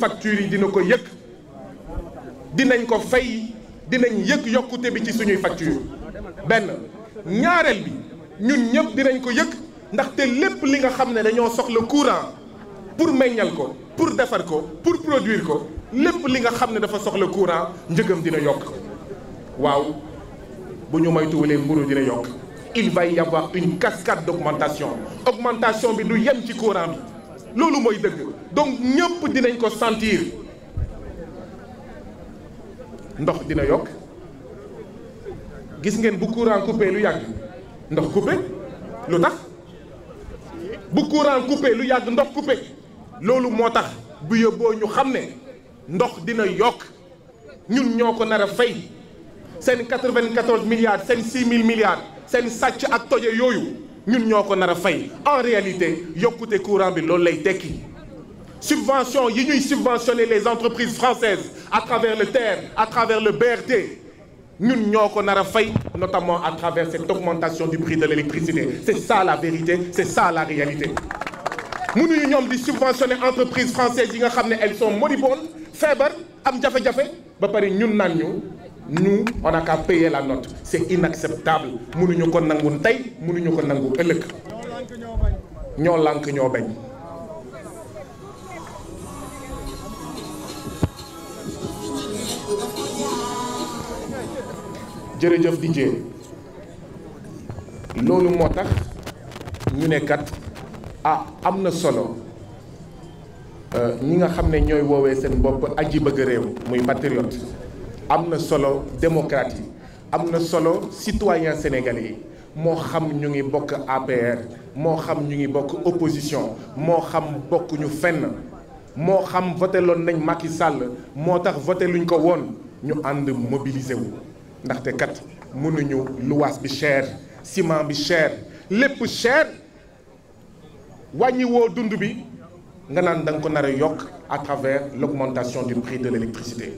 factures yi dina ko yëg dinañ ko fay dinañ yëg yokkute bi ci suñuy facture benn ñaareel bi ñun ñëpp dinañ ko yëg ndaxte lépp li nga xam ne dañoo soxla courant pour meññal ko pour defar ko pour produir ko lépp li nga xam ne dafa soxla courant njëgam dina yokk waaw bu ñu moytuwulee mburu dina yokk il va y avoir une cascade d'augmentation augmentation bi du yem ci courant bi loolu mooy dëgg donc ñëpp dinañ ko sentir ndox dina yokk gis ngeen bu courant coupé lu yàgg ndox coupé lu tax bu courant coupé lu yàgg ndox coupé loolu moo tax bu yóbboo ñu xam ne ndox dina yokk ñun ñoo ko nar a fay seen 94 milliards seen 6 000 milliards seen sàcc ak toje yooyu ñun ñoo ko nar a fay en réalité yokkute courant bi loolu lay tekki subvention yi ñuy subventionner les entreprises françaises à travers le TER à travers le BRT ñun ñoo ko nar a fay notamment à travers cette augmentation du prix de l'électricité c'est ça la vérité c'est ça la réalité ñu ñoom di subventionner entreprises françaises yi nga xam ne elles sont moribondes feebar am jafe-jafe ba pari ñun naan ñu nous on n'a qu'à payer la note c'est inacceptable mënuñu ko nangu tey mënuñu ko nangu ëllëg ñoo lànk ñoo bañ jërëjëf Didier loolu moo tax ñu ne kat ah am na solo euh, ñi nga xam ne ñooy woowee seen bopp aji bëgg réew muy patriote am na solo démocrate yi am na solo citoyen sénégal yi moo xam ñu ngi bokk APR moo xam ñu ngi bokk opposition moo xam bokkuñu fenn moo xam voté loon nañ Macky Sall moo tax voté luñ ko woon ñu ànd mobiliser wu ndaxte kat mënuñu luwaas bi cher ciment bi cher lépp cher wàññi woo dund bi nga naan da ko nar a yokk à travers l'augmentation du prix de l'électricité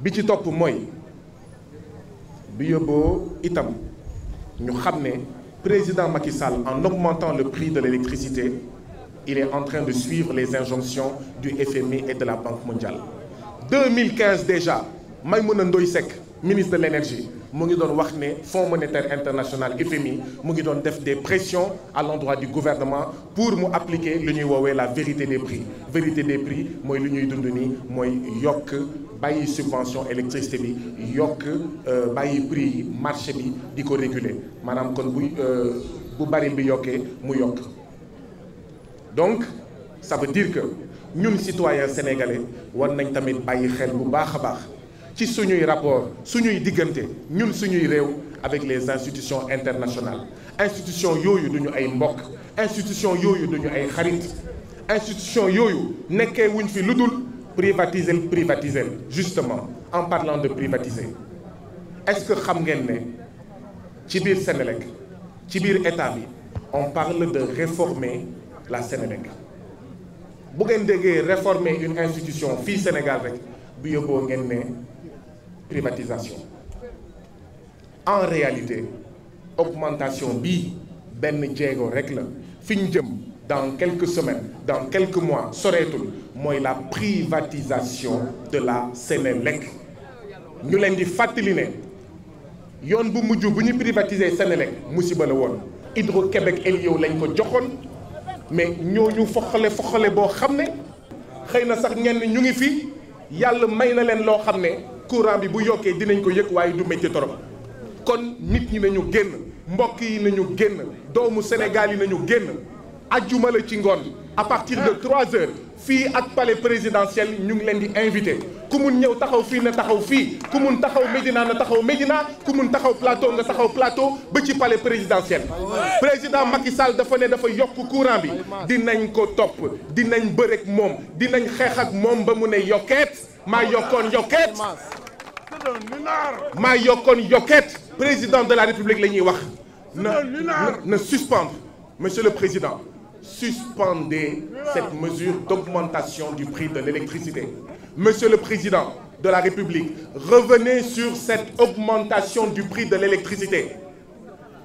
bi ci topp mooy bi yóbboo itam ñu xam ne président Macky Sall en augmentant le prix de l'électricité il est en train de suivre les injonctions du FMI et de la Banque mondiale 2015 déjà a Ndoye Seck ministre de l'énergie mu ngi doon wax ne Fonds monétaire international FMI mu ngi doon def des pressions à l'endroit du gouvernement pour mu appliquer lu ñuy woowe la vérité des prix vérité des prix mooy lu ñuy dund nii mooy yokk bàyyi subvention électricité bi yokk euh, bàyyi prix yi marché bi di ko réguler maanaam kon bu euh, bu baril bi yokkee mu yokk donc ça veut dire que ñun citoyen sénégalais war nañ tamit bàyyi xel bu baax a baax ci suñuy rapport suñuy diggante ñun suñuy réew avec les institutions internationales institution yooyu duñu ay mbokk institution yooyu duñu ay xarit institution yooyu nekkee wuñ fi lu dul privatiser privatiser justement en parlant de privatiser est-ce que xam ngeen ne ci biir Sénélec ci biir état bi on parle de réformer la Sénélec bu ngeen déggee réformer une institution fii Sénégal rek bu yóbboo ngeen ne privatisation en réalité augmentation bi benn jéego rek la fi jëm. dans quelque semaine dans quelque mois soreetul mooy la privatisation de la Sénélec ñu leen di fàttali ne yoon bu mujj bu ñu privatiser Sénélec musiba la woon Hydro-Québec Elio lañ ko joxoon mais ñu foxale foxale boo xam ne xëy na sax ngenn ñu ngi fii yàlla may na leen loo xam ne courant bi bu yokkee dinañ ko yëg waaye du métti torop kon nit ñi nañu génn mbokk yi nañu génn doomu Sénégal yi nañu génn ajjuma la ci ngoon à partir de 3 heures fii ak palais présidentiel ñu ngi leen di invité ku mun ñëw taxaw fii na taxaw fii ku mun taxaw Médina na taxaw Médina ku mun taxaw plateau nga taxaw plateau ba ci palais présidentiel. président Macky Sall dafa ne dafa yokk courant bi dinañ ko topp dinañ bërek moom dinañ xeex ak moom ba mu ne yokkeet maa yokkoon yokkeet. maa yokkoon yokkeet président de la république la ñuy wax. na na suspendre monsieur le président. suspendez cette mesure d'augmentation du prix de l'électricité. Monsieur le Président de la République, revenez sur cette augmentation du prix de l'électricité.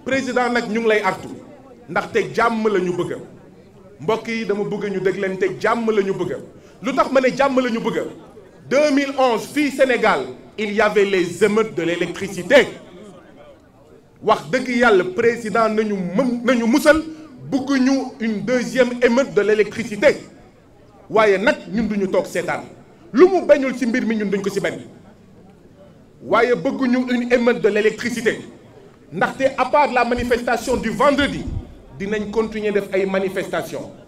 Président nag ñu ngi lay artu te jàmm la ñu bëgg mbokk yi dama bëgg ñu dégg leen te jàmm la ñu bëgg lu tax ma ne jàmm la ñu bëgg 2011 fii Sénégal il y avait les émeutes de l'électricité wax dëgg yàlla président nañu mëm nañu musal bëgguñu une deuxième émeute de l'électricité waaye nag ñun duñu toog seetaan lu mu bañul ci mbir mi ñun duñ ko ci bañ waaye bëgguñu une émeute de l'électricité ndaxte à part la manifestation du vendredi dinañ continuer def ay manifestation